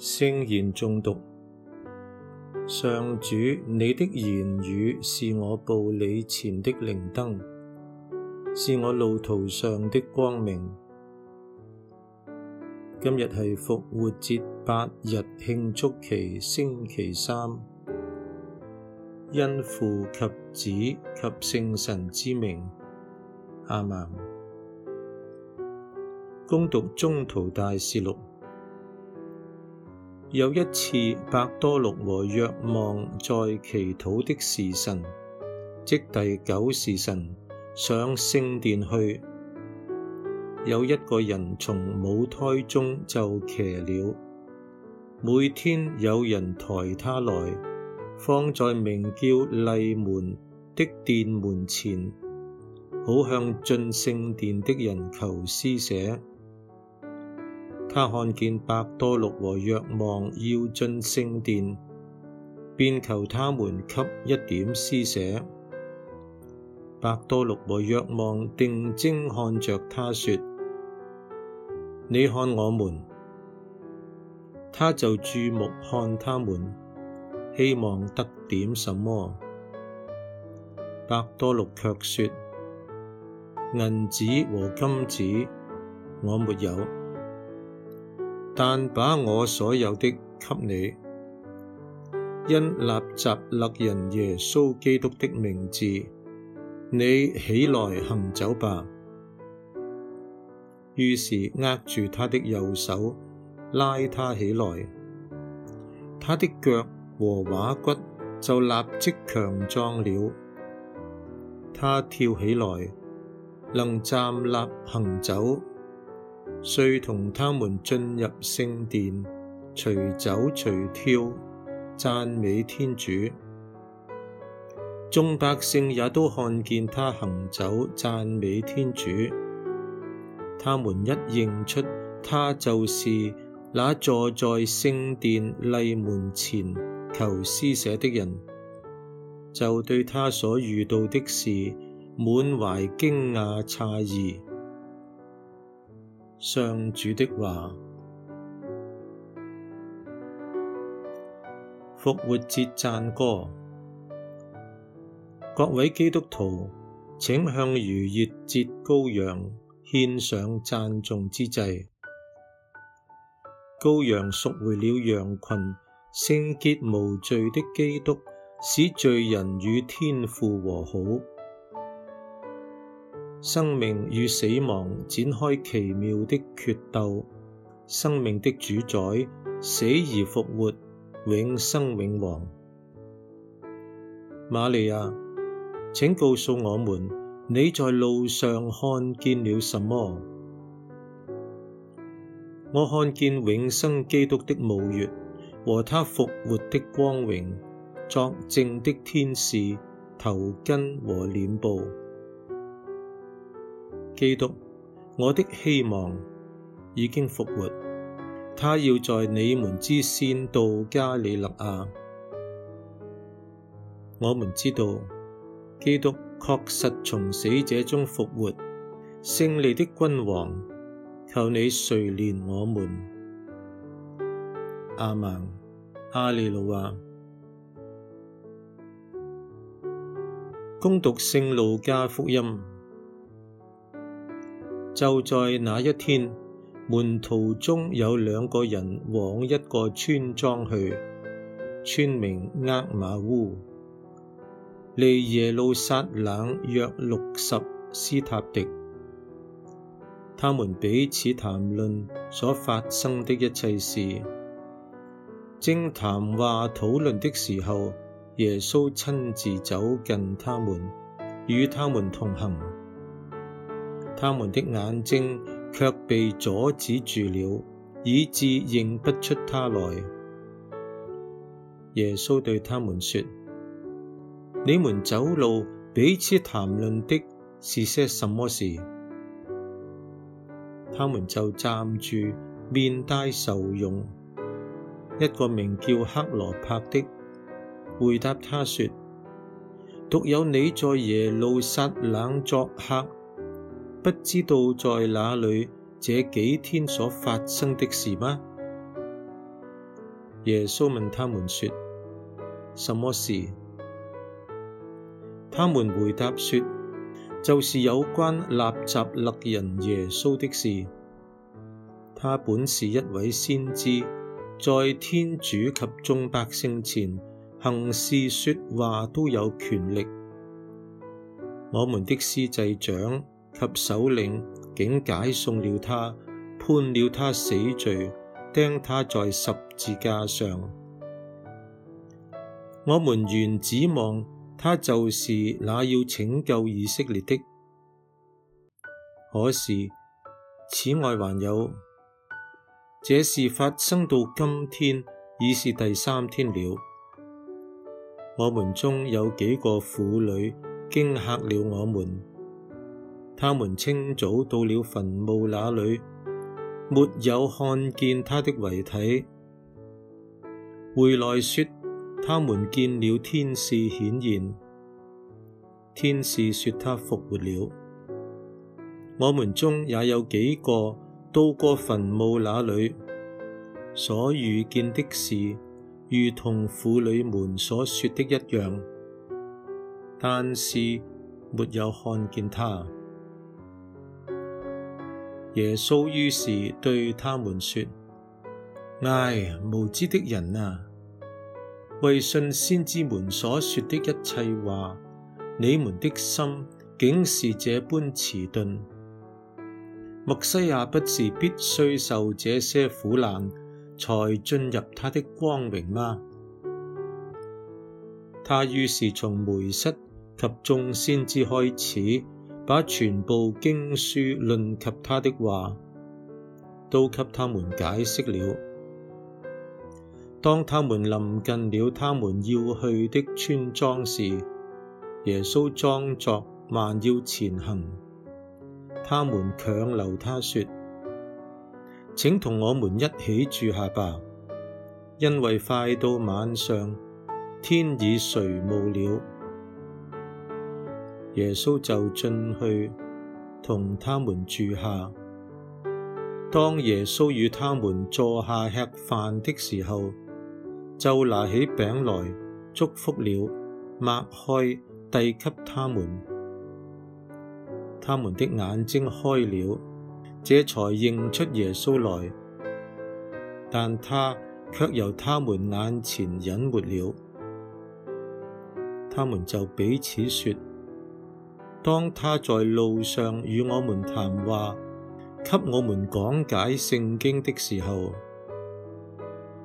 聖言誦讀。上主，你的言語是我步履前的靈燈，是我路途上的光明。今日係復活節八日慶祝期星期三，因父及子及聖神之名，阿們，恭讀宗徒大事錄。有一次，伯多祿和若望在祈禱的時辰，即第九時辰，上聖殿去。有一個人從母胎中就瘸了，每天有人抬他來，放在名叫麗門的殿門前，好向進聖殿的人求施捨。他看見伯多祿和若望要進聖殿，便求他們給一點施捨。伯多祿和若望定睛看着他說：你看我們！他就注目看他們，希望得點什麼。伯多祿卻說：銀子和金子我沒有。但把我所有的給你，因納匝肋人耶穌基督的名字，你起來行走吧。於是握住他的右手，拉他起來，他的腳和踝骨就立即強壯了，他跳起來，能站立行走。遂同他們進入聖殿，隨走隨跳，讚美天主。眾百姓也都看見他行走，讚美天主。他們一認出他就是那坐在聖殿麗門前求施捨的人，就對他所遇到的事滿懷驚訝詫異。上主的話：復活節讚歌，各位基督徒，請向逾越節羔羊獻上讚頌之祭，羔羊贖回了羊群，聖潔無罪的基督使罪人與天父和好。生命與死亡展開奇妙的決鬥，生命的主宰，死而復活，永生永王。瑪利亞，請告訴我們，你在路上看見了什麼？我看見永生基督的墓穴和他復活的光榮，作證的天使頭巾和殮布。基督，我的希望已經復活，他要在你們之先到加里肋亞。我們知道基督確實從死者中復活，勝利的君王，求你垂憐我們。亞孟。亞肋路亞。恭讀聖路加福音。就在那一天，門徒中有兩個人往一個村莊去，村名厄瑪烏，離耶路撒冷約六十斯塔狄。他們彼此談論所發生的一切事。正談話討論的時候，耶穌親自走近他們，與他們同行。他們的眼睛卻被阻止住了，以致認不出他來。耶穌對他們說：你們走路，彼此談論的是些什麼事？他們就站住，面帶愁容。一個名叫克羅帕的，回答他說：獨有你在耶路撒冷作客。不知道在哪裏這幾天所發生的事嗎？耶穌問他們說：什麼事？他們回答說：就是有關納匝肋人耶穌的事。他本是一位先知，在天主及眾百姓前，行事說話都有權力。我們的司祭長。及首領竟解送了他，判了他死罪，釘他在十字架上。我們原指望他就是那要拯救以色列的，可是此外還有。這事發生到今天，已是第三天了。我們中有幾個婦女驚嚇了我們。他們清早到了墳墓那裏，沒有看見他的遺體，回來說，他們見了天使顯現，天使說他復活了。我們中也有幾個到過墳墓，墓那裏，所遇見的事，如同婦女們所說的一樣，但是沒有看見他。耶穌於是對他們說：唉、哎，無知的人啊，為信先知們所說的一切話，你們的心竟是這般遲鈍。默西亞不是必須受這些苦難才進入他的光榮嗎、啊？他於是從梅瑟及眾先知開始。把全部經書論及他的話，都給他們解釋了。當他們臨近了他們要去的村莊時，耶穌裝作還要前行。他們強留他說：請同我們一起住下吧，因為快到晚上，天已垂暮了。耶穌就進去，同他們住下。當耶穌與他們坐下吃飯的時候，就拿起餅來，祝福了，擘開，遞給他們。他們的眼睛開了，這才認出耶穌來。但他卻由他們眼前隱沒了。他們就彼此說。當他在路上與我們談話，給我們講解聖經的時候，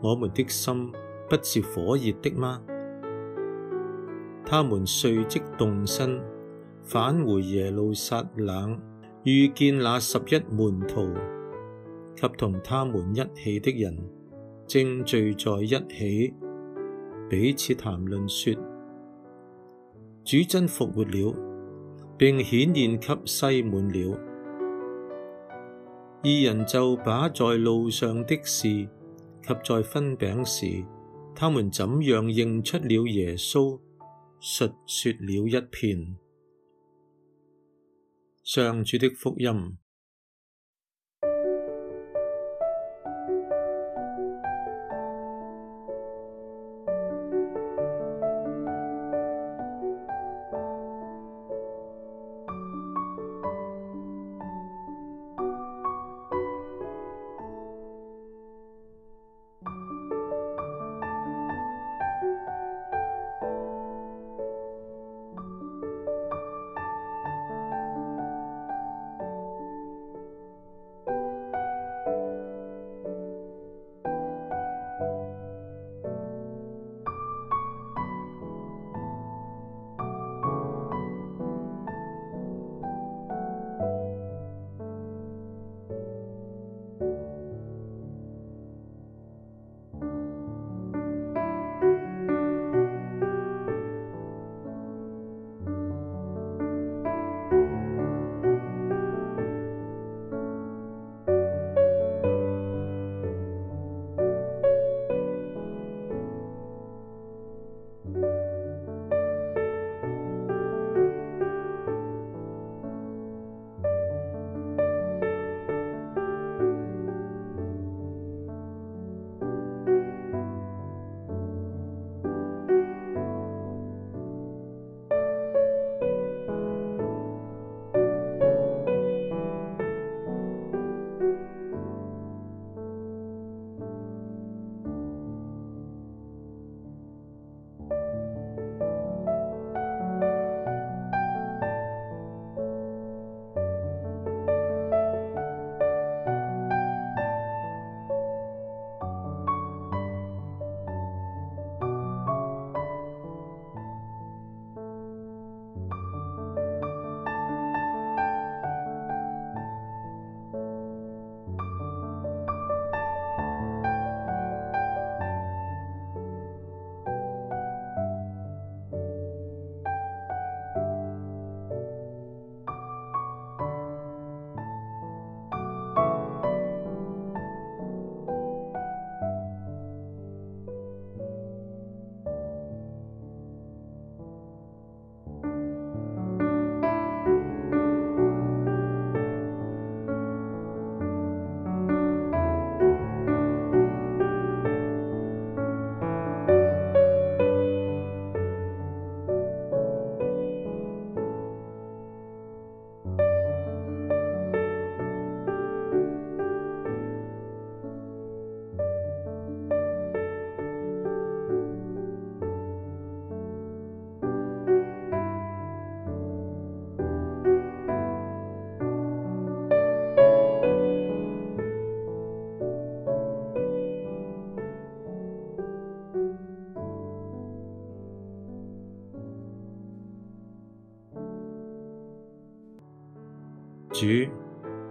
我們的心不是火熱的嗎？他們隨即動身返回耶路撒冷，遇見那十一門徒及同他們一起的人，正聚在一起，彼此談論說：主真復活了！並顯現給西滿了，二人就把在路上的事及在分餅時，他們怎樣認出了耶穌，述說了一遍。上主的福音。